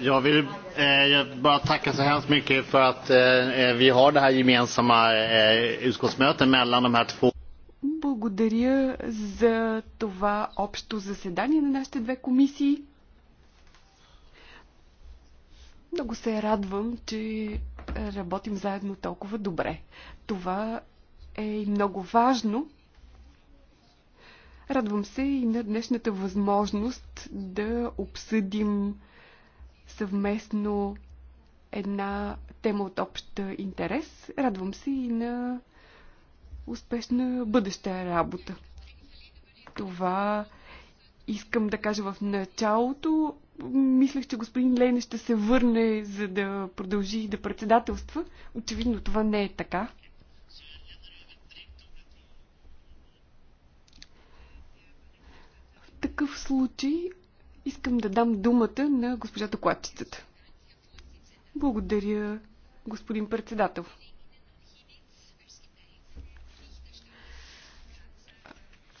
Jag vill eh, jag bara tacka så hemskt mycket för att eh, eh, vi har det här gemensamma eh, utskottsmötet mellan de här två. Благодаря за това общо заседание на нашите две комисии. Много се радвам, че работим заедно толкова добре. Това е и много важно. Радвам се и на днешната възможност да обсъдим съвместно една тема от общ интерес. Радвам се и на успешна бъдеща работа. Това искам да кажа в началото. Мислех, че господин Лене ще се върне, за да продължи да председателства. Очевидно това не е така. В такъв случай Искам да дам думата на госпожа докладчицата. Благодаря, господин председател.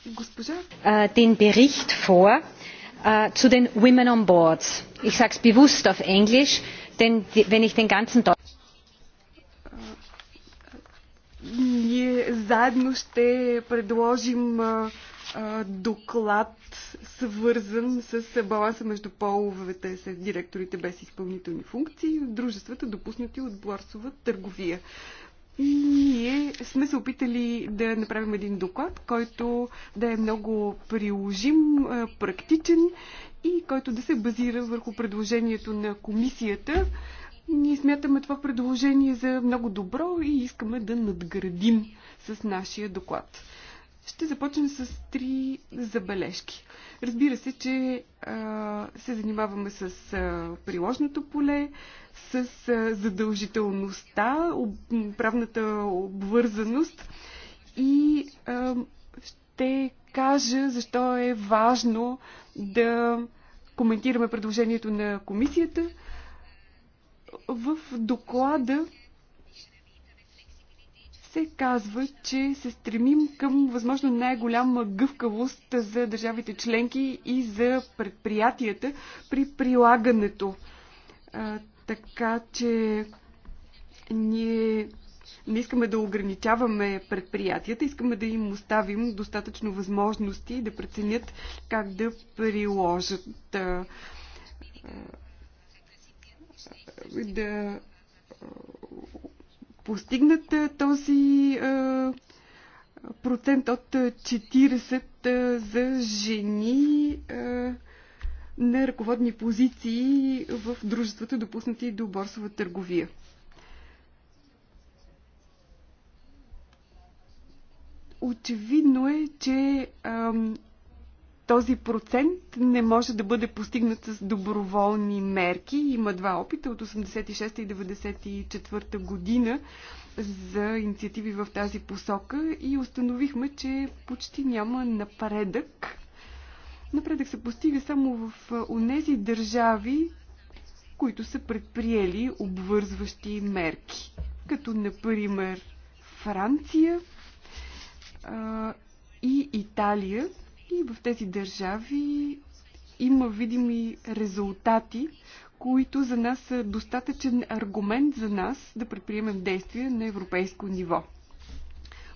Госпожа... Den Bericht vor zu den Women on Boards. Ich sage es bewusst auf Englisch, denn wenn ich den ganzen Ние заедно ще предложим доклад, свързан с баланса между половете с директорите без изпълнителни функции в дружествата, допуснати от борсова търговия. ние сме се опитали да направим един доклад, който да е много приложим, практичен и който да се базира върху предложението на комисията. Ние смятаме това предложение за много добро и искаме да надградим с нашия доклад. Ще започнем с три забележки. Разбира се, че а, се занимаваме с а, приложното поле, с а, задължителността, об, правната обвързаност и а, ще кажа защо е важно да коментираме предложението на комисията. В доклада се казва, че се стремим към възможно най-голяма гъвкавост за държавите членки и за предприятията при прилагането. А, така че ние не искаме да ограничаваме предприятията, искаме да им оставим достатъчно възможности да преценят как да приложат а, да постигнат този процент от 40 за жени на ръководни позиции в дружествата, допуснати до борсова търговия. Очевидно е, че ам, този процент не може да бъде постигнат с доброволни мерки. Има два опита от 86 и 94 година за инициативи в тази посока и установихме, че почти няма напредък. Напредък се постига само в онези държави, които са предприели обвързващи мерки, като например Франция а, и Италия, и в тези държави има видими резултати, които за нас са достатъчен аргумент за нас да предприемем действия на европейско ниво.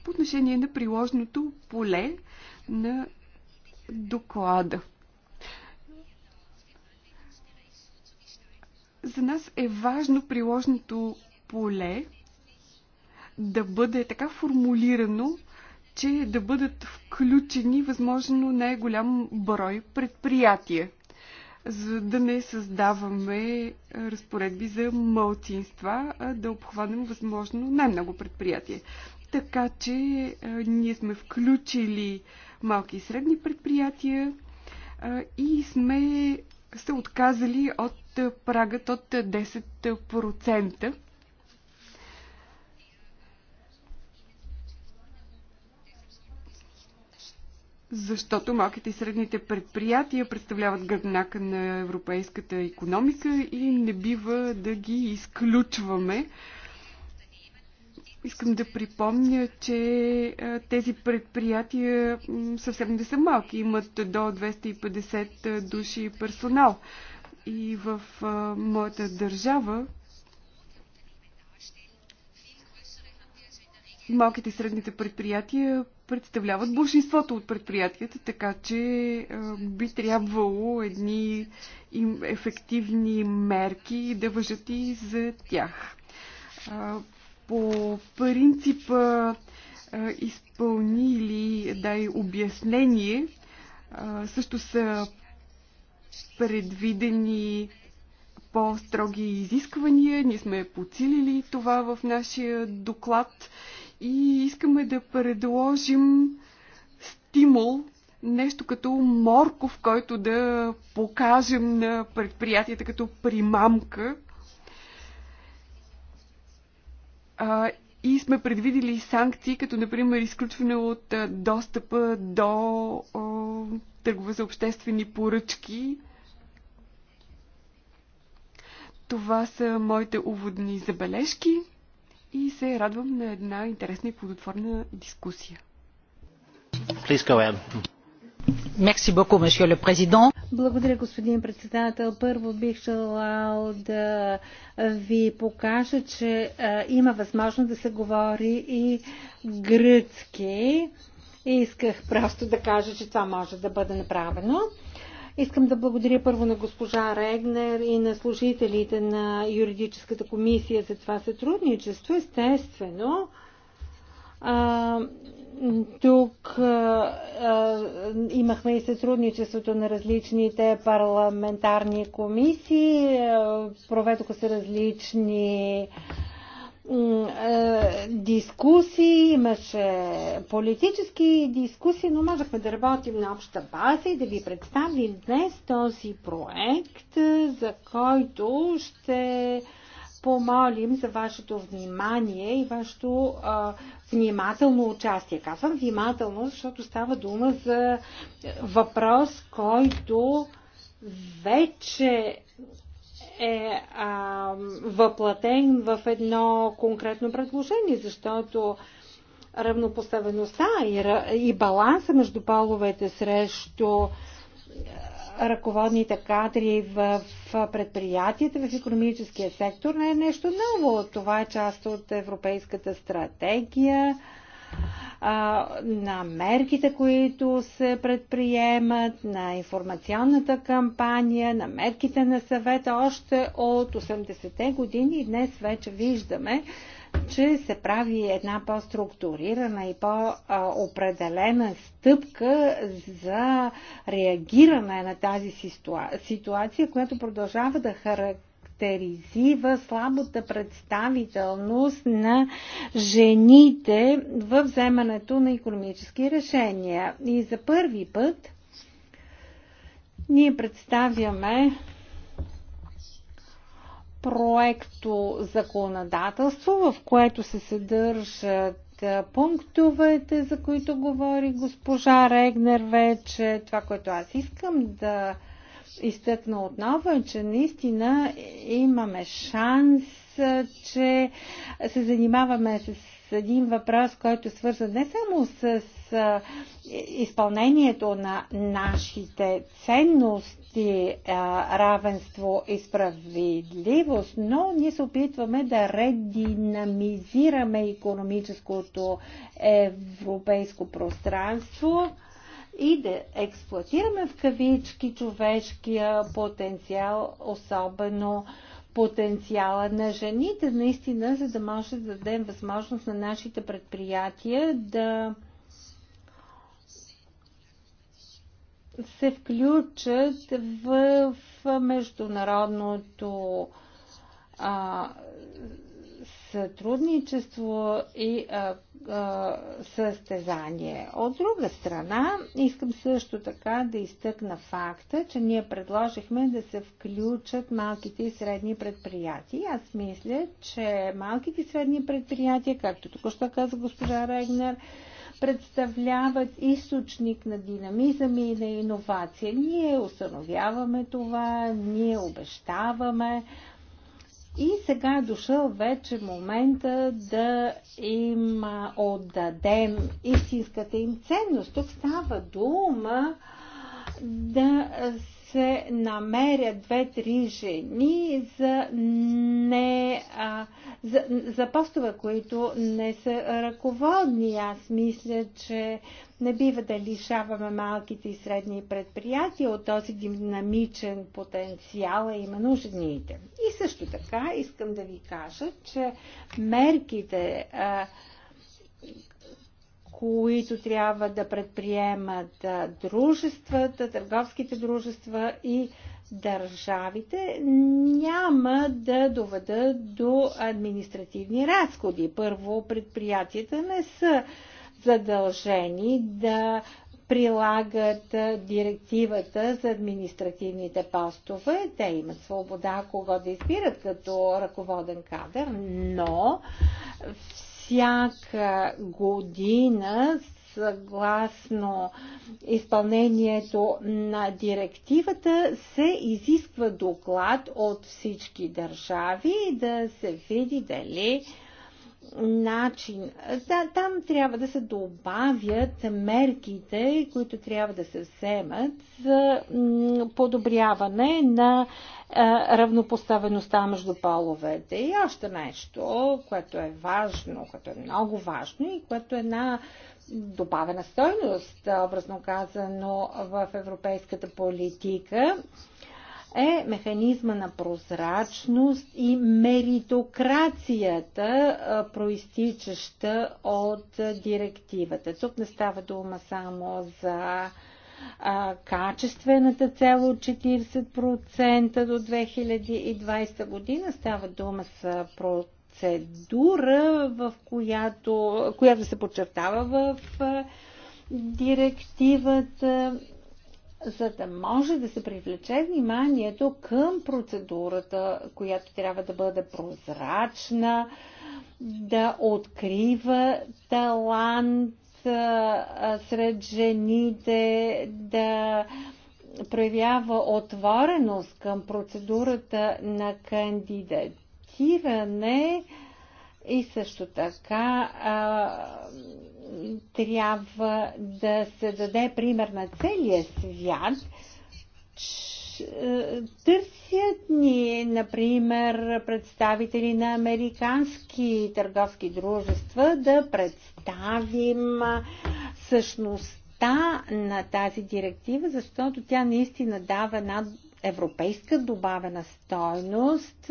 По отношение на приложното поле на доклада. За нас е важно приложното поле да бъде така формулирано, че да бъдат включени възможно най-голям брой предприятия, за да не създаваме разпоредби за мълцинства, а да обхванем възможно най-много предприятия. Така че ние сме включили малки и средни предприятия и сме се отказали от прагът от 10%. Защото малките и средните предприятия представляват гръбнака на европейската економика и не бива да ги изключваме. Искам да припомня, че тези предприятия съвсем не са малки. Имат до 250 души персонал. И в моята държава малките и средните предприятия представляват большинството от предприятията, така че би трябвало едни им ефективни мерки да въжат и за тях. По принципа изпълни или дай обяснение, също са предвидени по-строги изисквания. Ние сме подсилили това в нашия доклад и искаме да предложим стимул, нещо като морков, който да покажем на предприятията като примамка. А, и сме предвидили санкции, като например изключване от достъпа до о, търгове за обществени поръчки. Това са моите уводни забележки и се радвам на една интересна и плодотворна дискусия. Please go ahead. Благодаря, господин председател. Първо бих желал да ви покажа, че има възможност да се говори и гръцки. Исках просто да кажа, че това може да бъде направено. Искам да благодаря първо на госпожа Регнер и на служителите на юридическата комисия за това сътрудничество. Естествено, а, тук а, а, имахме и сътрудничеството на различните парламентарни комисии. А, проведоха се различни а, е, дискусии, имаше политически дискусии, но можехме да работим на обща база и да ви представим днес този проект, е, за който ще помолим за вашето внимание и вашето а, внимателно участие. Казвам внимателно, защото става дума за въпрос, който вече е а, въплатен в едно конкретно предложение, защото равнопоставеността и, и баланса между половете срещу ръководните кадри в предприятията, в економическия сектор не е нещо ново. Това е част от Европейската стратегия на мерките, които се предприемат, на информационната кампания, на мерките на съвета още от 80-те години и днес вече виждаме, че се прави една по-структурирана и по-определена стъпка за реагиране на тази ситуация, която продължава да характеризира характеризира слабата представителност на жените в вземането на економически решения. И за първи път ние представяме проекто законодателство, в което се съдържат пунктовете, за които говори госпожа Регнер вече. Това, което аз искам да изтъкна отново е, че наистина имаме шанс, че се занимаваме с един въпрос, който е свързан не само с изпълнението на нашите ценности, равенство и справедливост, но ние се опитваме да рединамизираме економическото европейско пространство и да експлуатираме в кавички човешкия потенциал, особено потенциала на жените, наистина, за да може да дадем възможност на нашите предприятия да се включат в, международното а, сътрудничество и а, а, състезание. От друга страна, искам също така да изтъкна факта, че ние предложихме да се включат малките и средни предприятия. Аз мисля, че малките и средни предприятия, както току-що каза госпожа Регнер, представляват източник на динамизъм и на иновация. Ние установяваме това, ние обещаваме, и сега е дошъл вече момента да им отдадем истинската им ценност. Тук става дума да се намерят две-три жени за, не, а, за, за постове, които не са ръководни. Аз мисля, че не бива да лишаваме малките и средни предприятия от този динамичен потенциал, а именно жените. И също така искам да ви кажа, че мерките. А, които трябва да предприемат дружествата, търговските дружества и държавите, няма да доведат до административни разходи. Първо, предприятията не са задължени да прилагат директивата за административните постове. Те имат свобода кого да избират като ръководен кадър, но всяка година съгласно изпълнението на директивата се изисква доклад от всички държави да се види дали начин. Да, там трябва да се добавят мерките, които трябва да се вземат за подобряване на равнопоставеността между половете. И още нещо, което е важно, което е много важно и което е една добавена стойност, образно казано, в европейската политика е механизма на прозрачност и меритокрацията, проистичаща от директивата. Тук не става дума само за качествената цел от 40% до 2020 година. Става дума за процедура, в която, която се подчертава в директивата за да може да се привлече вниманието към процедурата, която трябва да бъде прозрачна, да открива талант сред жените, да проявява отвореност към процедурата на кандидатиране и също така трябва да се даде пример на целия свят. Е, търсят ни, например, представители на американски търговски дружества да представим е, същността на тази директива, защото тя наистина дава една европейска добавена стойност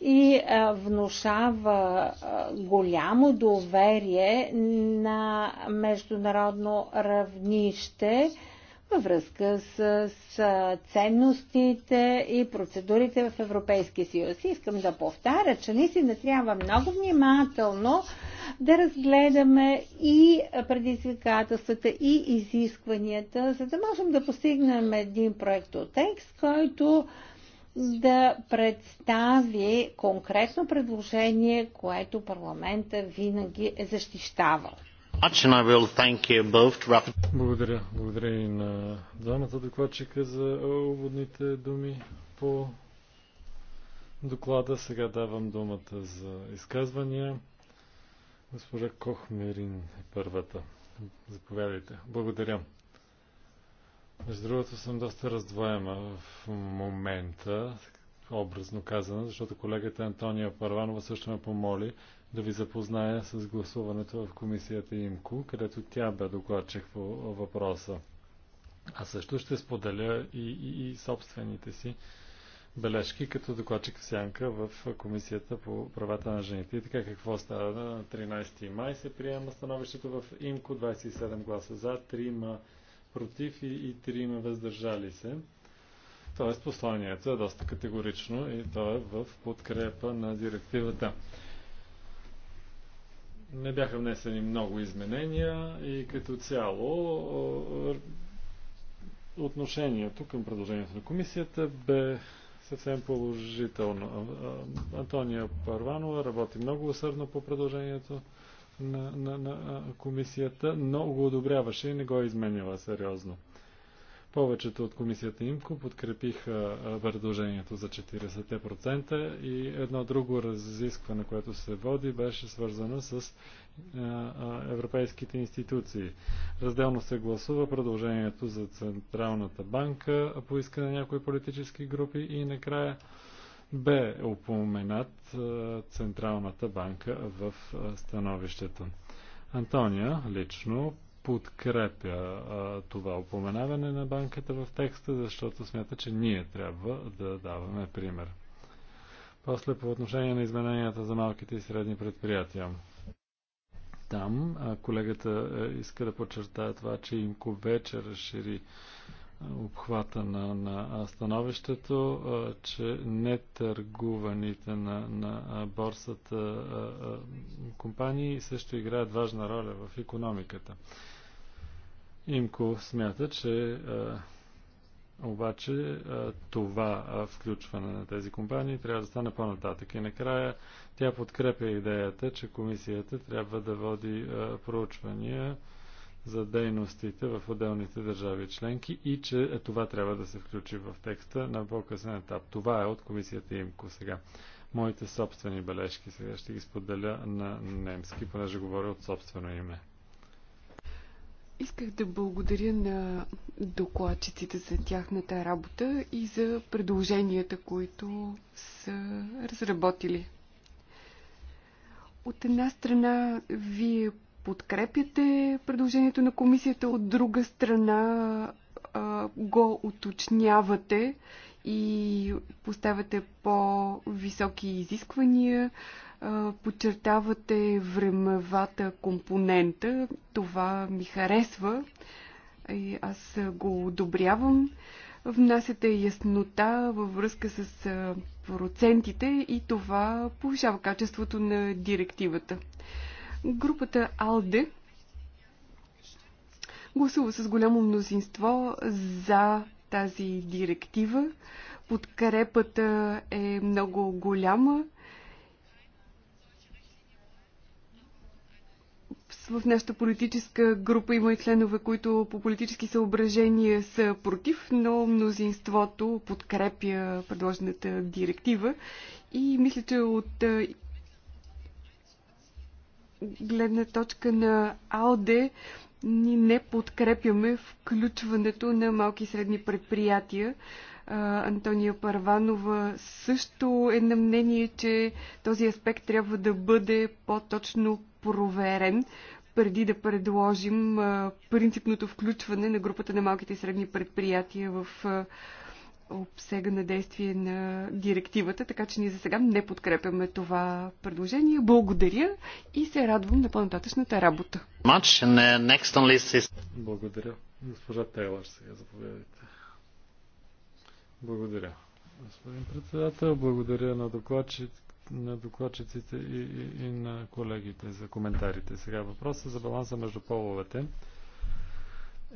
и внушава голямо доверие на международно равнище във връзка с, с ценностите и процедурите в Европейския съюз. Искам да повтаря, че наистина трябва много внимателно да разгледаме и предизвикателствата и изискванията, за да можем да постигнем един проект от текст, който да представи конкретно предложение, което парламента винаги е защищавал. Благодаря. Благодаря и на двамата докладчика за уводните думи по доклада. Сега давам думата за изказвания. Госпожа Кохмерин е първата. Заповядайте. Благодаря. Между другото съм доста раздвоема в момента, образно казано, защото колегата Антония Парванова също ме помоли да ви запозная с гласуването в комисията ИМКО, където тя бе докладчик по въпроса. А също ще споделя и, и, и собствените си бележки като докладчик в сянка в Комисията по правата на жените. И така какво става? На 13 май се приема становището в ИМКО, 27 гласа за, 3 ма против и, и 3 въздържали се. Тоест посланието е доста категорично и то е в подкрепа на директивата. Не бяха внесени много изменения и като цяло е, отношението към предложението на комисията бе съвсем положително. Антония Парванова работи много усърдно по предложението на, на, на комисията, но го одобряваше и не го е изменява сериозно. Повечето от комисията ИМКО подкрепиха предложението за 40% и едно друго разискване, което се води, беше свързано с европейските институции. Разделно се гласува предложението за Централната банка по искане на някои политически групи и накрая бе упоменат Централната банка в становището. Антония лично подкрепя а, това упоменаване на банката в текста, защото смята, че ние трябва да даваме пример. После по отношение на измененията за малките и средни предприятия. Там а, колегата иска да подчертая това, че Имко вече разшири обхвата на, на становището, а, че нетъргуваните на, на борсата а, компании също играят важна роля в економиката. Имко смята, че а, обаче а, това а, включване на тези компании трябва да стане по-нататък. И накрая тя подкрепя идеята, че комисията трябва да води а, проучвания за дейностите в отделните държави членки и че е, това трябва да се включи в текста на по-късен етап. Това е от комисията ИМКО сега. Моите собствени бележки сега ще ги споделя на немски, понеже говоря от собствено име. Исках да благодаря на докладчиците за тяхната работа и за предложенията, които са разработили. От една страна, вие подкрепяте предложението на комисията, от друга страна го уточнявате и поставяте по-високи изисквания, подчертавате времевата компонента. Това ми харесва и аз го одобрявам. Внасяте яснота във връзка с процентите и това повишава качеството на директивата. Групата АЛДЕ гласува с голямо мнозинство за тази директива. Подкрепата е много голяма. в нашата политическа група има и членове, които по политически съображения са против, но мнозинството подкрепя предложената директива. И мисля, че от гледна точка на АОДЕ ние не подкрепяме включването на малки и средни предприятия. Антония Парванова също е на мнение, че този аспект трябва да бъде по-точно проверен преди да предложим принципното включване на групата на малките и средни предприятия в обсега на действие на директивата, така че ние за сега не подкрепяме това предложение. Благодаря и се радвам на по-нататъчната работа. Uh, благодаря. Госпожа Тейлър сега заповядайте. Благодаря. Господин председател, благодаря на, докладчик, на докладчиците и, и, и на колегите за коментарите. Сега Въпроса за баланса между половете.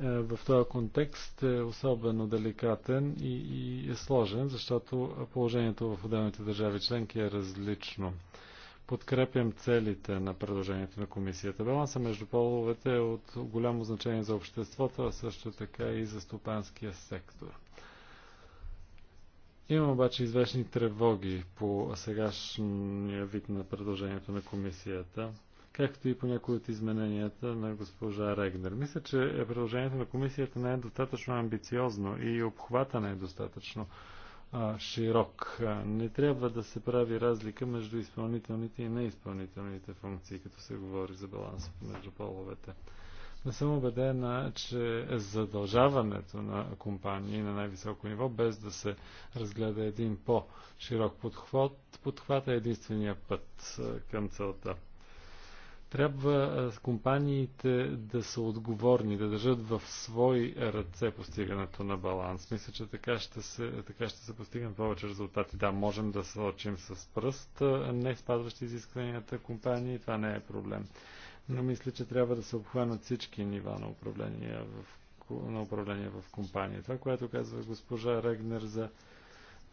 Е, в този контекст е особено деликатен и, и е сложен, защото положението в отделните държави членки е различно. Подкрепям целите на предложението на комисията. Баланса между половете е от голямо значение за обществото, а също така и за стопанския сектор. Има обаче известни тревоги по сегашния вид на предложението на комисията – както и по някои от измененията на госпожа Регнер. Мисля, че е предложението на комисията не е достатъчно амбициозно и обхвата не е достатъчно а, широк. Не трябва да се прави разлика между изпълнителните и неизпълнителните функции, като се говори за баланс между половете. Не съм убедена, че задължаването на компании на най-високо ниво, без да се разгледа един по-широк подход, подхвата е единствения път към целта. Трябва компаниите да са отговорни, да държат в свои ръце постигането на баланс. Мисля, че така ще се, така ще се постигнат повече резултати. Да, можем да сочим с пръст не спазващи изискванията компании, това не е проблем. Но мисля, че трябва да се обхванат всички нива на управление в, на управление в компания. Това, което казва госпожа Регнер за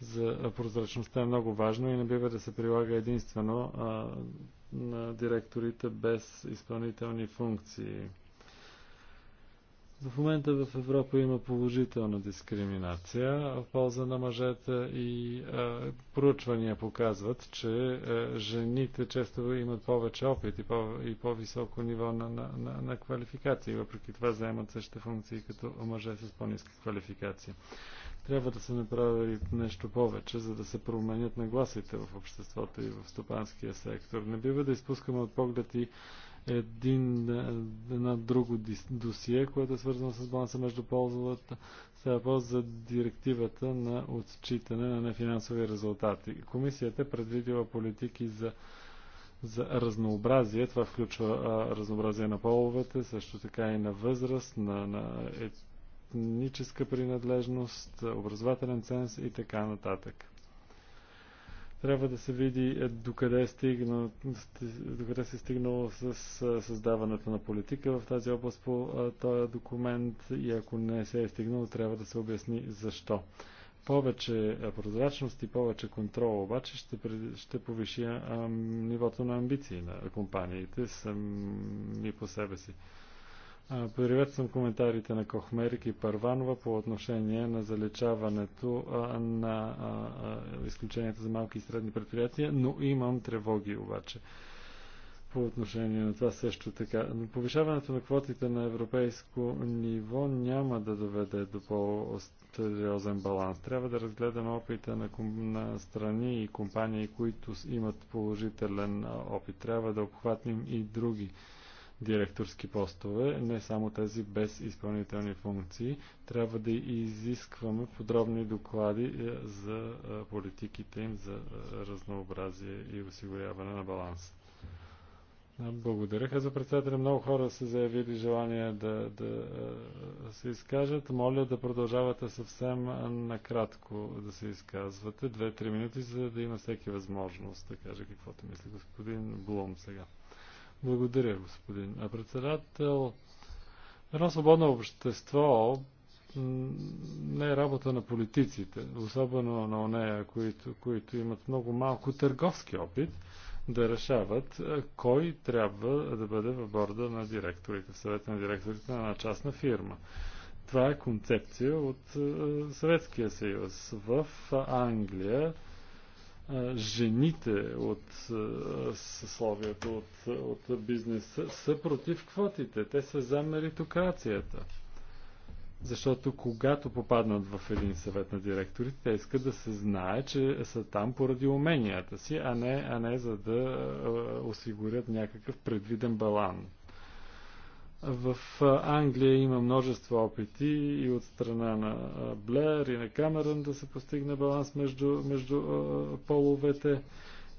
за прозрачността е много важно и не бива да се прилага единствено а, на директорите без изпълнителни функции. В момента в Европа има положителна дискриминация в полза на мъжете и а, проучвания показват, че а, жените често имат повече опит и, по, и по-високо ниво на, на, на, на квалификация въпреки това заемат същите функции като мъже с по-низка квалификация. Трябва да се направи нещо повече, за да се променят нагласите в обществото и в стопанския сектор. Не бива да изпускаме от поглед и един, едно друго досие, което е свързано с баланса между ползвата. Става въпрос за директивата на отчитане на нефинансови резултати. Комисията е предвидила политики за за разнообразие. Това включва а, разнообразие на половете, също така и на възраст, на, на етническа принадлежност, образователен ценз и така нататък. Трябва да се види е, докъде, е до докъде се е стигнало с е, създаването на политика в тази област по е, този документ и ако не се е стигнало, трябва да се обясни защо. Повече прозрачност и повече контрол обаче ще, ще повиши а, нивото на амбиции на компаниите сами по себе си. Приветствам коментарите на Кохмерик и Парванова по отношение на залечаването на изключението за малки и средни предприятия, но имам тревоги обаче по отношение на това също така. Повишаването на квотите на европейско ниво няма да доведе до по-сериозен баланс. Трябва да разгледаме опита на, на страни и компании, които имат положителен опит. Трябва да обхватим и други директорски постове, не само тези без изпълнителни функции. Трябва да изискваме подробни доклади е, за е, политиките им за е, разнообразие и осигуряване на баланс. Благодаря за председателя. Много хора са заявили желание да, да се изкажат. Моля да продължавате съвсем накратко да се изказвате. Две-три минути, за да има всеки възможност да каже каквото мисли господин Блум сега. Благодаря, господин а председател. Едно свободно общество не е работа на политиците, особено на онея, които, които имат много малко търговски опит да решават е, кой трябва да бъде в борда на директорите, в съвета на директорите на една частна фирма. Това е концепция от е, Съветския съюз. В Англия жените от съсловието, от, от бизнеса, са против квотите. Те са за меритокрацията. Защото когато попаднат в един съвет на директорите, те искат да се знае, че са там поради уменията си, а не, а не за да осигурят някакъв предвиден баланс. В Англия има множество опити и от страна на Блер и на Камерън да се постигне баланс между, между половете.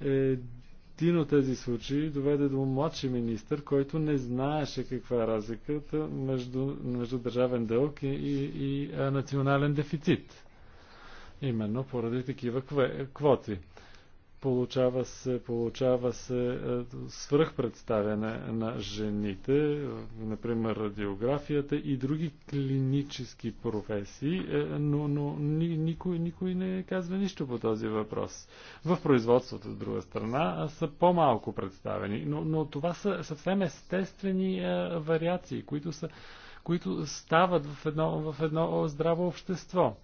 Един от тези случаи доведе до младши министр, който не знаеше каква е разликата между, между държавен дълг и, и, и национален дефицит. Именно поради такива квоти. Получава се, получава се е, свръхпредставяне на жените, например радиографията и други клинически професии, е, но, но никой, никой не казва нищо по този въпрос. В производството, с друга страна, е, са по-малко представени, но, но това са съвсем естествени вариации, които, са, които стават в едно, в едно здраво общество.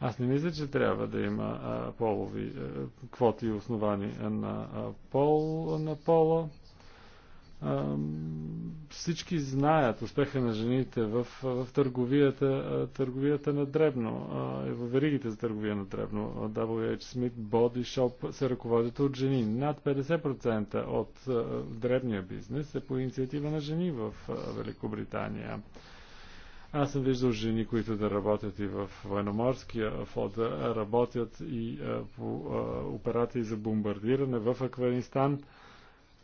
Аз не мисля, че трябва да има а, полови а, е, квоти основани на, а, пол, на пола. А, всички знаят успеха на жените в, в търговията, а, търговията на дребно а, в веригите за търговия на дребно. WH Smith Body Shop се ръководят от жени. Над 50% от а, дребния бизнес е по инициатива на жени в а, Великобритания. Аз съм виждал жени, които да работят и в военноморския флот, да работят и по операции за бомбардиране в Афганистан.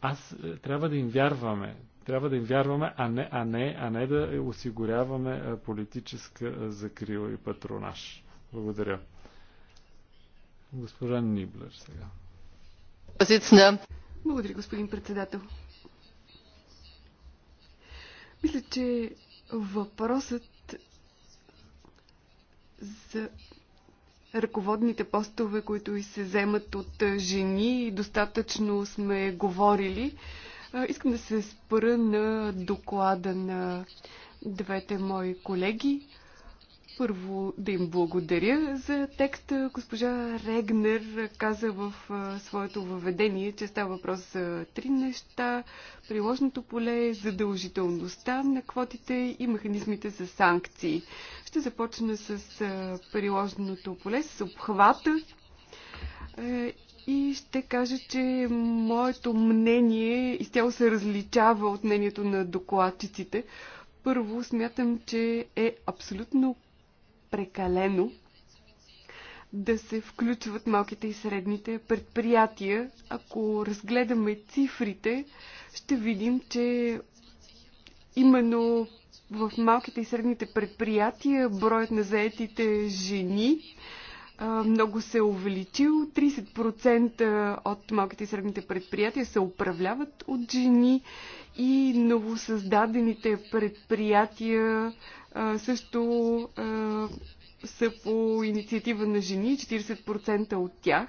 Аз е, трябва да им вярваме. Трябва да им вярваме, а не, а не, а не да осигуряваме политическа закрила и патронаж. Благодаря. Госпожа Ниблер сега. Благодаря, господин председател. Мисля, че Въпросът за ръководните постове, които и се вземат от жени, достатъчно сме говорили. Искам да се спра на доклада на двете мои колеги. Първо да им благодаря за текста. Госпожа Регнер каза в своето въведение, че става въпрос за три неща. Приложното поле, задължителността на квотите и механизмите за санкции. Ще започна с приложеното поле, с обхвата и ще кажа, че моето мнение изцяло се различава от мнението на докладчиците. Първо, смятам, че е абсолютно прекалено да се включват малките и средните предприятия. Ако разгледаме цифрите, ще видим, че именно в малките и средните предприятия броят на заетите жени много се е увеличил. 30% от малките и средните предприятия се управляват от жени и новосъздадените предприятия също са по инициатива на жени, 40% от тях.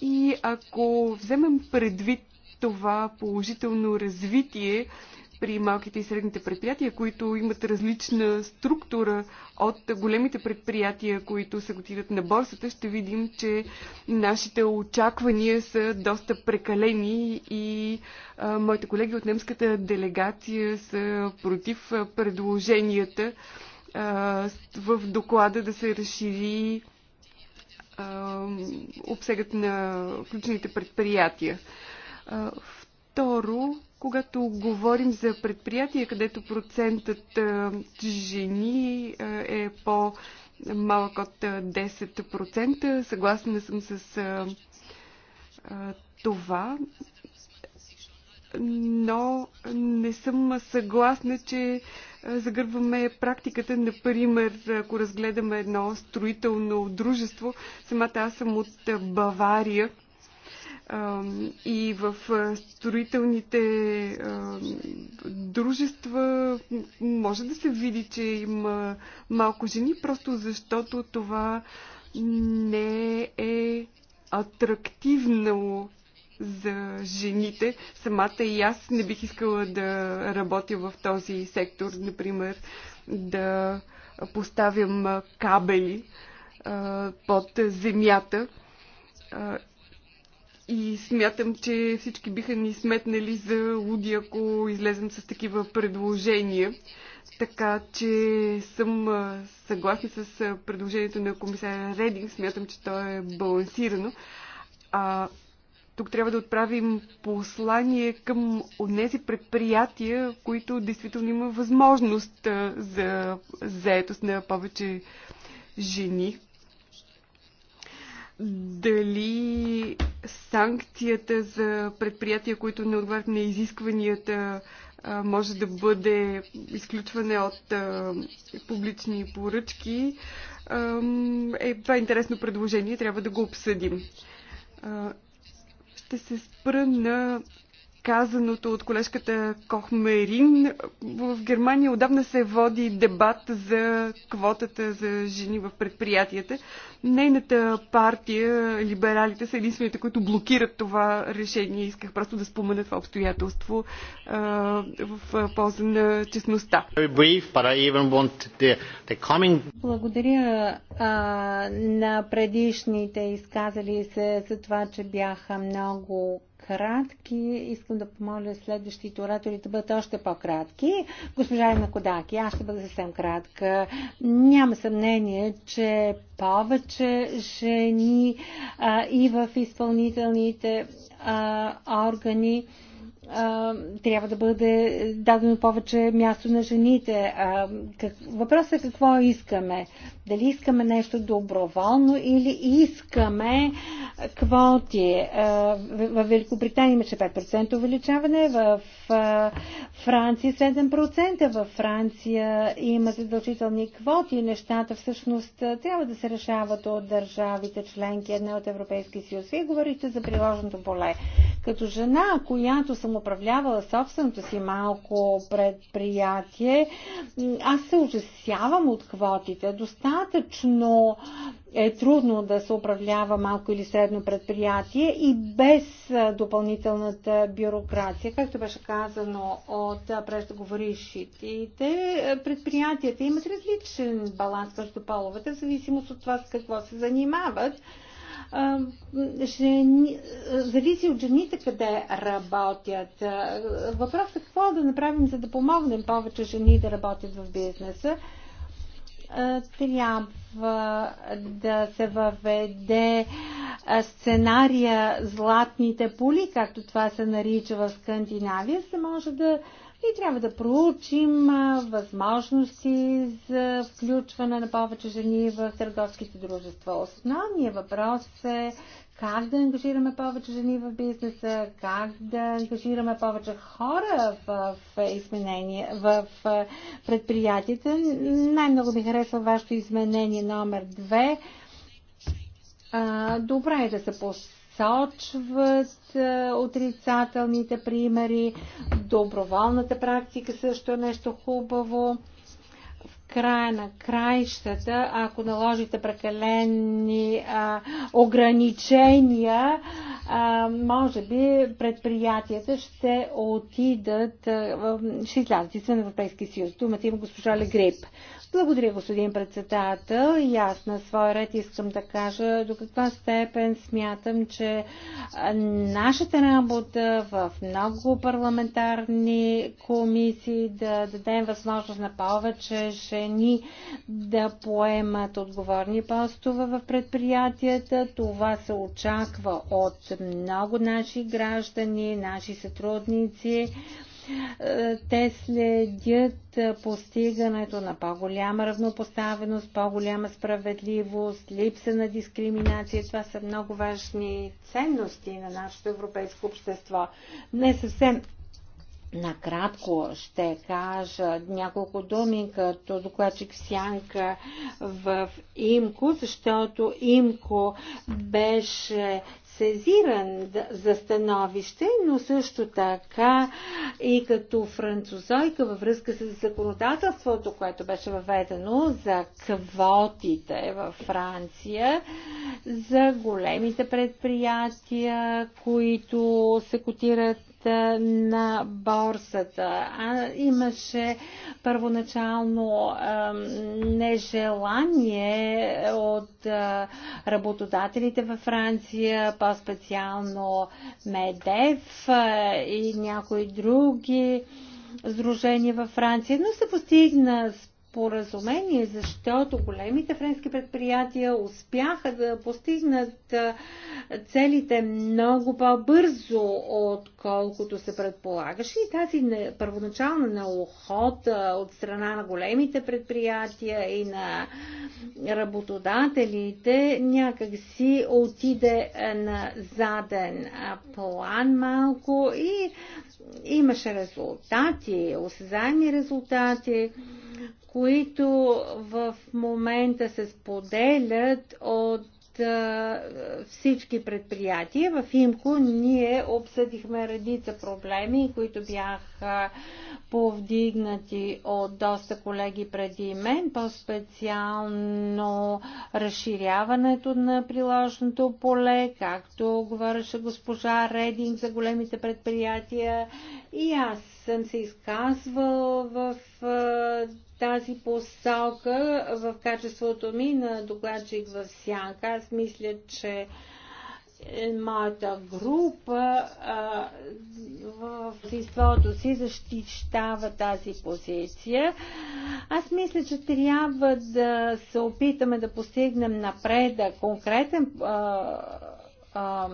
И ако вземем предвид това положително развитие при малките и средните предприятия, които имат различна структура от големите предприятия, които се готират на борсата, ще видим, че нашите очаквания са доста прекалени и а, моите колеги от немската делегация са против предложенията а, в доклада да се разшири а, обсегът на включените предприятия. А, второ, когато говорим за предприятия, където процентът жени е по-малък от 10%, съгласна съм с това, но не съм съгласна, че загърбваме практиката. Например, ако разгледаме едно строително дружество, самата аз съм от Бавария, и в строителните дружества може да се види, че има малко жени, просто защото това не е атрактивно за жените. Самата и аз не бих искала да работя в този сектор, например, да поставям кабели под земята и смятам, че всички биха ни сметнали за луди, ако излезем с такива предложения. Така че съм съгласна с предложението на комисаря Рединг. Смятам, че то е балансирано. А, тук трябва да отправим послание към тези предприятия, които действително има възможност за заетост на повече жени. Дали санкцията за предприятия, които не отговарят на изискванията, може да бъде изключване от публични поръчки. Е, това е интересно предложение, трябва да го обсъдим. Ще се спра на казаното от колежката Кохмерин. В Германия отдавна се води дебат за квотата за жени в предприятията. Нейната партия, либералите, са единствените, които блокират това решение. Исках просто да спомена това обстоятелство а, в полза на честността. Благодаря а, на предишните изказали се за това, че бяха много кратки. Искам да помоля следващите оратори да бъдат още по-кратки. Госпожа Ина Кодаки, аз ще бъда съвсем кратка. Няма съмнение, че повече жени а, и в изпълнителните а, органи трябва да бъде дадено повече място на жените. Въпросът е какво искаме. Дали искаме нещо доброволно или искаме квоти. В Великобритания имаше 5% увеличаване, в Франция 7%, в Франция има задължителни квоти. Нещата всъщност трябва да се решават от държавите членки, една от Европейския съюз. Вие говорите за приложното поле. Като жена, която съм управлявала собственото си малко предприятие, аз се ужасявам от квотите. Достатъчно е трудно да се управлява малко или средно предприятие и без допълнителната бюрокрация. Както беше казано от преждоговорившите, предприятията имат различен баланс между половете, в зависимост от това с какво се занимават жени, зависи от жените къде работят. Въпросът е какво да направим, за да помогнем повече жени да работят в бизнеса трябва да се въведе сценария Златните поли, както това се нарича в Скандинавия, се може да и трябва да проучим възможности за включване на повече жени в търговските дружества. Основният въпрос е как да ангажираме повече жени в бизнеса, как да ангажираме повече хора в, в изменение, в предприятията. Най-много ми харесва вашето изменение номер две. добре е да се насочват е, отрицателните примери. Доброволната практика също е нещо хубаво края на краищата, ако наложите прекалени а, ограничения, а, може би предприятията ще отидат, а, ще излязат на Европейския съюз. Думата има госпожа Легрип. Благодаря, господин председател. И аз на своя ред искам да кажа до каква степен смятам, че нашата работа в много парламентарни комисии да дадем възможност на повече насърчени да поемат отговорни постове в предприятията. Това се очаква от много наши граждани, наши сътрудници. Е, те следят постигането на по-голяма равнопоставеност, по-голяма справедливост, липса на дискриминация. Това са много важни ценности на нашето европейско общество. Не съвсем Накратко ще кажа няколко думи като докладчик Сянка в Имко, защото Имко беше сезиран за становище, но също така и като французойка във връзка с законодателството, което беше въведено за квотите във Франция, за големите предприятия, които се котират на борсата. А, имаше първоначално а, нежелание от а, работодателите във Франция, по-специално Медев а, и някои други сдружения във Франция, но се постигна споразумение, защото големите френски предприятия успяха да постигнат целите много по-бързо, от отколкото се предполагаше и тази не, първоначална неохота от страна на големите предприятия и на работодателите някак си отиде на заден план малко и имаше резултати, осезаеми резултати които в момента се споделят от всички предприятия. В Имко ние обсъдихме редица проблеми, които бяха повдигнати от доста колеги преди мен, по-специално разширяването на приложното поле, както говореше госпожа Рединг за големите предприятия и аз съм се изказвал в тази посалка в качеството ми на докладчик в Сянка. Аз мисля, че моята група а, в обществото си защищава тази позиция. Аз мисля, че трябва да се опитаме да постигнем напреда, конкретен а, а,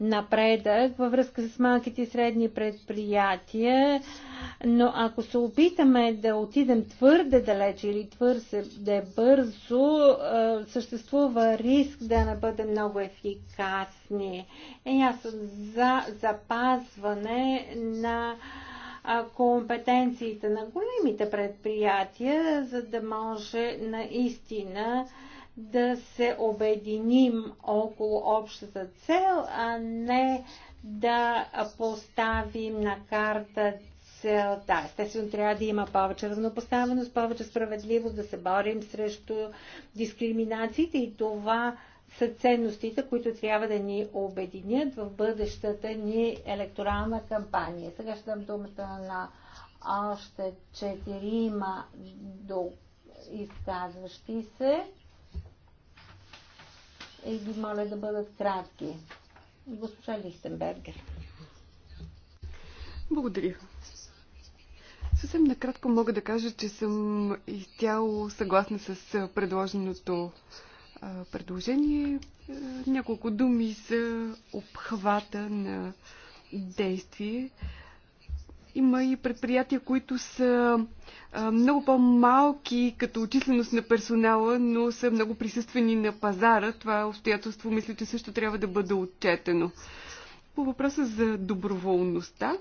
напредък във връзка с малките и средни предприятия, но ако се опитаме да отидем твърде далече или твърде бързо, е, съществува риск да не бъдем много ефикасни. Е, аз съм за запазване на компетенциите на големите предприятия, за да може наистина да се обединим около общата цел, а не да поставим на карта целта. естествено, трябва да има повече равнопоставеност, повече справедливост, да се борим срещу дискриминациите и това са ценностите, които трябва да ни обединят в бъдещата ни електорална кампания. Сега ще дам думата на още четирима до изказващи се и ги моля да бъдат кратки. Госпожа Лихтенбергер. Благодаря. Съвсем накратко мога да кажа, че съм изцяло съгласна с предложеното предложение. Няколко думи за обхвата на действие. Има и предприятия, които са много по-малки като численост на персонала, но са много присъствени на пазара. Това обстоятелство мисля, че също трябва да бъде отчетено. По въпроса за доброволността,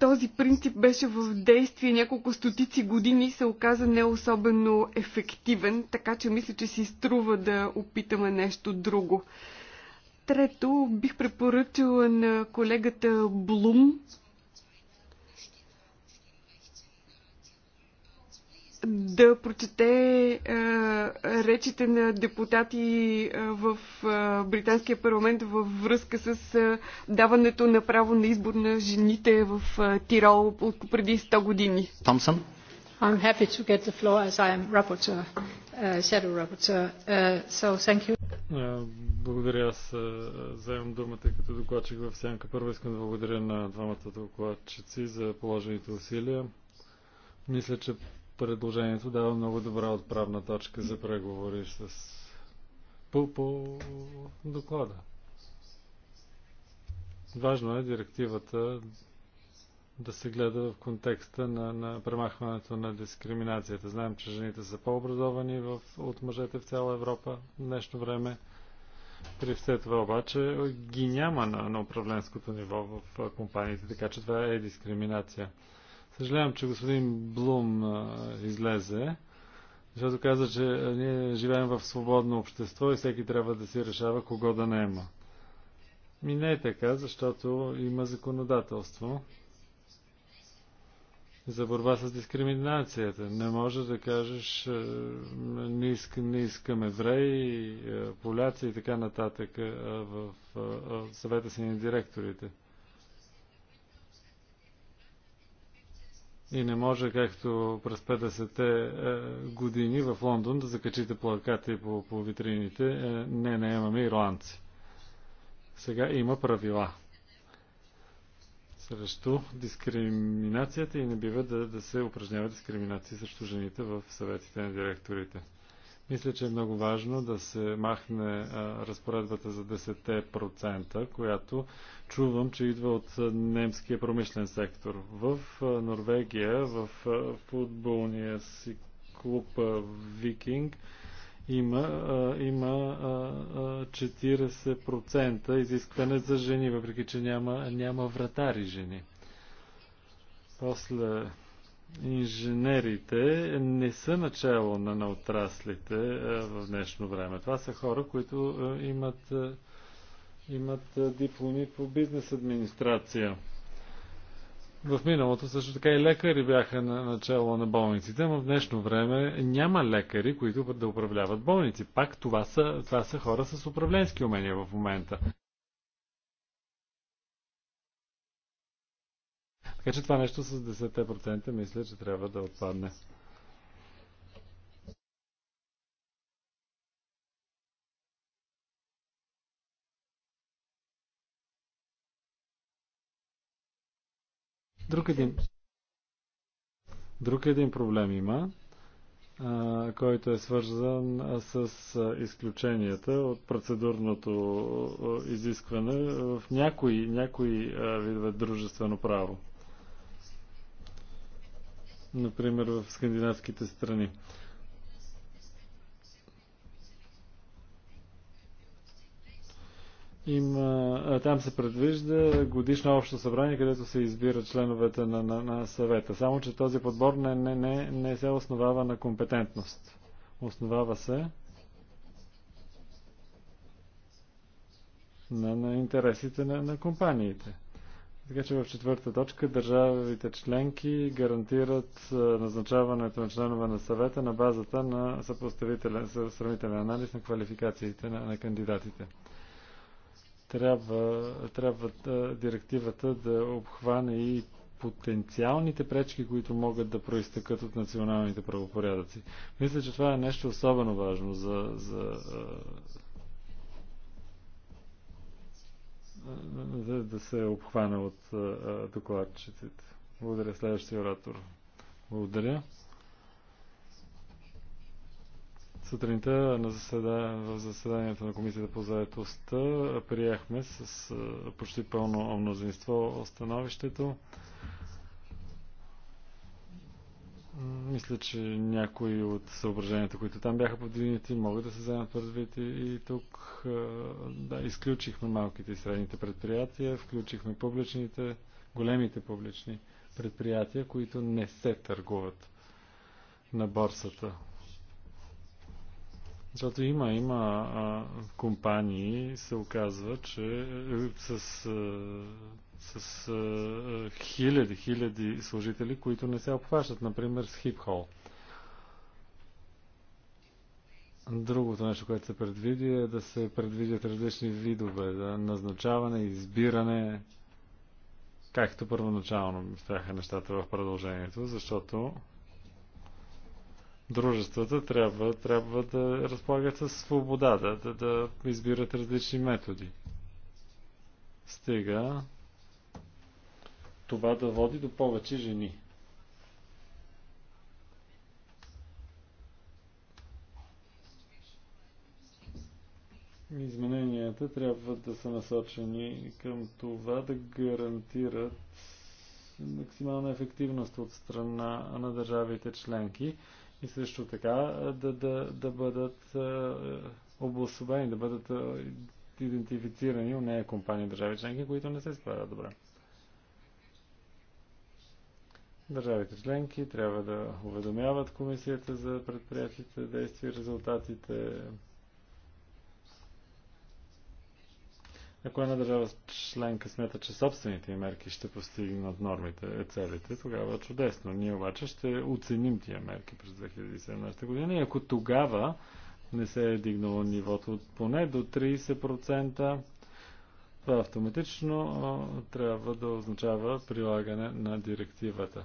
този принцип беше в действие няколко стотици години и се оказа не особено ефективен, така че мисля, че си струва да опитаме нещо друго. Трето, бих препоръчала на колегата Блум да прочете е, речите на депутати в е, Британския парламент във връзка с е, даването на право на избор на жените в е, Тирол от преди 100 години. Томсън? I'm happy to get the floor as I am rapporteur, uh, shadow rapporteur. Uh, so thank you. Uh, благодаря. Аз вземам думата като докладчик в сянка. Първо искам да благодаря на двамата докладчици за положените усилия. Мисля, че предложението дава много добра отправна точка за преговори с... по, по доклада. Важно е директивата да се гледа в контекста на, на премахването на дискриминацията. Знаем, че жените са по-образовани в, от мъжете в цяла Европа в днешно време. При все това обаче ги няма на, на управленското ниво в компаниите, така че това е дискриминация. Съжалявам, че господин Блум а, излезе, защото каза, че ние живеем в свободно общество и всеки трябва да си решава кого да не има. Ми не е така, защото има законодателство, за борба с дискриминацията. Не може да кажеш е, не, иска, не искам евреи, е, поляци и така нататък е, в съвета си на директорите. И не може, както през 50-те години в Лондон, да закачите плакати по, по витрините. Не, не имаме ирландци. Сега има правила срещу дискриминацията и не бива да, да се упражнява дискриминация срещу жените в съветите на директорите. Мисля, че е много важно да се махне а, разпоредбата за 10%, която чувам, че идва от немския промишлен сектор. В а, Норвегия, в а, футболния си клуб а, Викинг, има, а, има а, 40% изискване за жени, въпреки че няма, няма вратари жени. После инженерите не са начало на, на отраслите в днешно време. Това са хора, които а, имат, а, имат дипломи по бизнес администрация. В миналото също така и лекари бяха на начало на болниците, но в днешно време няма лекари, които да управляват болници. Пак това са, това са хора с управленски умения в момента. Така че това нещо с 10% мисля, че трябва да отпадне. Друг един, друг един проблем има, който е свързан с изключенията от процедурното изискване в някои, някои видове дружествено право. Например, в скандинавските страни. Има, там се предвижда годишно общо събрание, където се избира членовете на, на, на съвета. Само, че този подбор не, не, не, не се основава на компетентност. Основава се на, на интересите на, на компаниите. Така че в четвърта точка държавите членки гарантират назначаването на членове на съвета на базата на съпоставителен, сравнителен анализ на квалификациите на, на кандидатите трябва, трябва директивата да обхване и потенциалните пречки, които могат да проистъкат от националните правопорядъци. Мисля, че това е нещо особено важно за, за да, да се обхване от докладчиците. Благодаря следващия оратор. Благодаря. Сутринта на заседа... в заседанието на Комисията по заедостта приехме с почти пълно мнозинство становището. Мисля, че някои от съображенията, които там бяха подвинити, могат да се вземат предвид и, и тук. Да, изключихме малките и средните предприятия, включихме публичните, големите публични предприятия, които не се търгуват на борсата. Защото има, има а, компании, се оказва, че е, с, а, е, с а, е, хиляди, хиляди служители, които не се обхващат, например с хипхол. Другото нещо, което се предвиди е да се предвидят различни видове, да назначаване, избиране, както първоначално бяха нещата в продължението, защото дружествата трябва, трябва да разполагат със свобода, да, да, да избират различни методи. Стига това да води до повече жени. Измененията трябва да са насочени към това да гарантират максимална ефективност от страна на държавите членки и също така да, да, да бъдат е, обособени, да бъдат идентифицирани у нея компании държави членки, които не се справят добре. Държавите членки трябва да уведомяват комисията за предприятите действия, резултатите, Ако една държава членка смята, че собствените мерки ще постигнат нормите, е, целите, тогава е чудесно. Ние обаче ще оценим тия мерки през 2017 година и ако тогава не се е дигнало нивото от поне до 30%, това автоматично трябва да означава прилагане на директивата.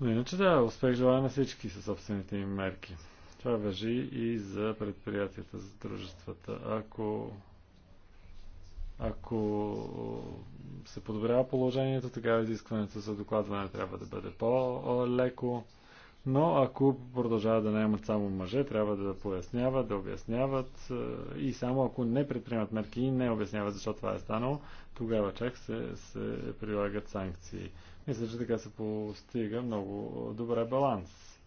Но иначе да, успех желая на всички със собствените им мерки. Това въжи и за предприятията, за дружествата. Ако ако се подобрява положението, тогава изискването за докладване трябва да бъде по-леко. Но ако продължават да наемат само мъже, трябва да поясняват, да обясняват и само ако не предприемат мерки и не обясняват защо това е станало, тогава чак се, се прилагат санкции. Мисля, че така се постига много добре баланс.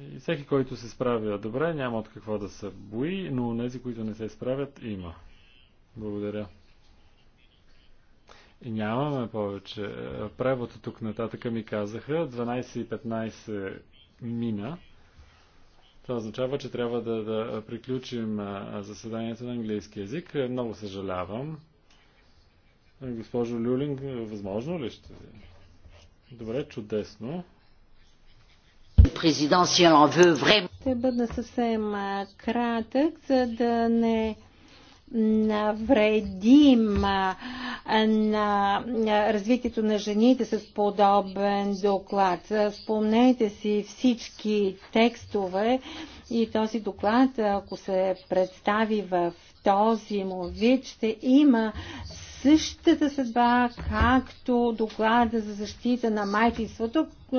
И всеки, който се справя добре, няма от какво да се бои, но тези, които не се справят, има. Благодаря. И нямаме повече. Превода тук нататъка ми казаха 12.15 мина. Това означава, че трябва да, да приключим заседанието на английски язик. Много съжалявам. Госпожо Люлинг, възможно ли ще? Добре, чудесно президент, си он veut време. Ще бъда съвсем кратък, за да не навредим на развитието на жените с подобен доклад. Спомнете си всички текстове и този доклад, ако се представи в този му вид, ще има същата съдба, както доклада за защита на майчинството. Е,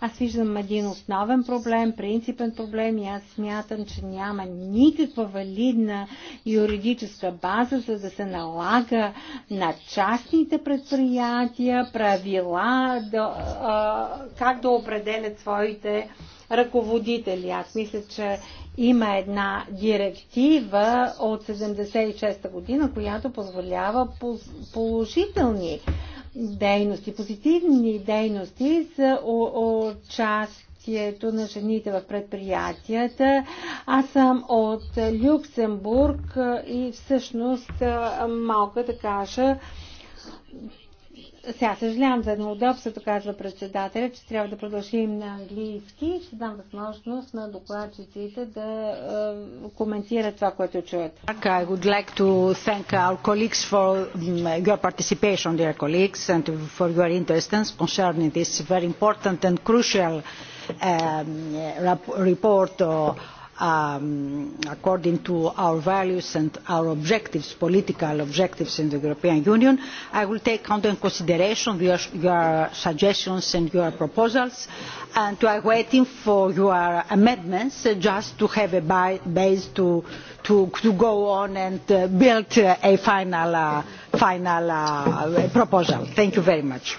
аз виждам един основен проблем, принципен проблем и аз смятам, че няма никаква валидна юридическа база, за да се налага на частните предприятия правила да, а, е, как да определят своите ръководители. Аз мисля, че има една директива от 76-та година, която позволява положителни дейности, позитивни дейности за участието на жените в предприятията. Аз съм от Люксембург и всъщност малко да кажа, сега съжалявам за неудобството, казва председателя, че трябва да продължим на английски. Ще дам възможност на докладчиците да е, коментират това, което чуят. I would like to thank our colleagues for your participation, dear colleagues, and for your interest concerning this very important and crucial um, report uh, according to our values and our objectives, political objectives in the European Union. I will take into consideration your, your suggestions and your proposals, and we are waiting for your amendments just to have a base to, to, to go on and build a final, uh, final uh, proposal. Thank you very much.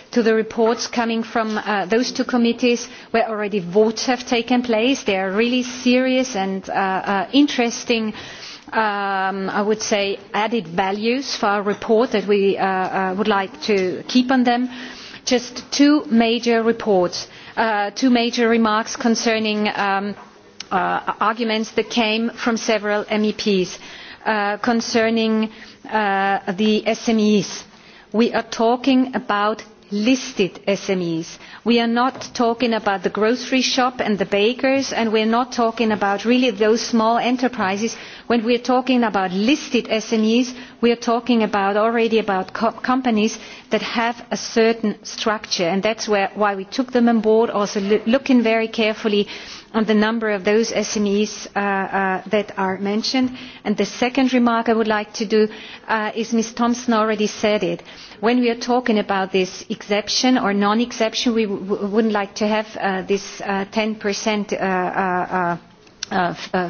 to the reports coming from those two committees where already votes have taken place. They are really serious and interesting I would say added values for our report that we would like to keep on them. Just two major reports, two major remarks concerning arguments that came from several MEPs concerning the SMEs. We are talking about listed SMEs. We are not talking about the grocery shop and the bakers, and we are not talking about really those small enterprises. When we are talking about listed SMEs, we are talking about already about co companies that have a certain structure and that is why we took them on board also looking very carefully on the number of those smes that are mentioned. the second remark i would like to do is ms thomsen already said it when we are talking about this exception or non exception we would not like to have this ten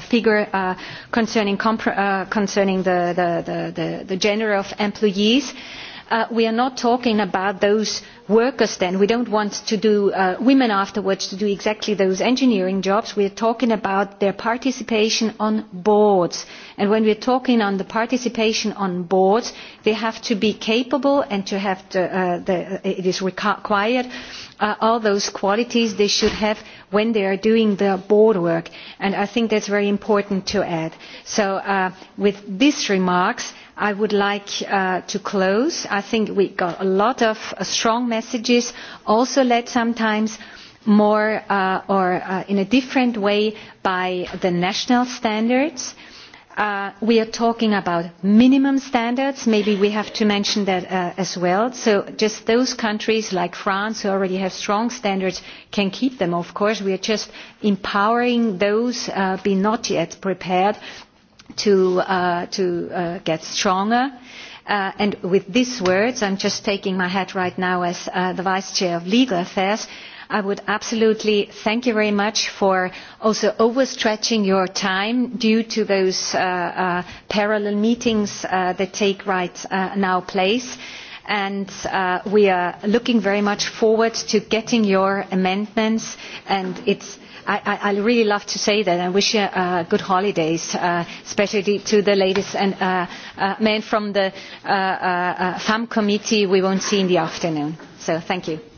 figure concerning, the, gender of employees. we are not talking about those workers then. We don't want to do women afterwards to do exactly those engineering jobs. We are talking about their participation on boards. And when we are talking on the participation on boards, they have to be capable and to have to, it is required all those qualities they should have when they are doing the board work. And I think that's very important to add. So uh, with these remarks, I would like to close. I think we got a lot of strong messages, also led sometimes more or in a different way by the national standards we are talking about minimum standards. Maybe we have to mention that as well. So just those countries like France who already have strong standards can keep them, of course. We are just empowering those who be not yet prepared to, get stronger. and with these words, I am just taking my hat right now as the Vice Chair of Legal Affairs, I would absolutely thank you very much for also overstretching your time due to those parallel meetings that take right now place. And we are looking very much forward to getting your amendments. And it's I, I really love to say that. I wish you uh, good holidays, uh, especially to the ladies and uh, uh, men from the uh, uh, FAM committee we won't see in the afternoon. So thank you.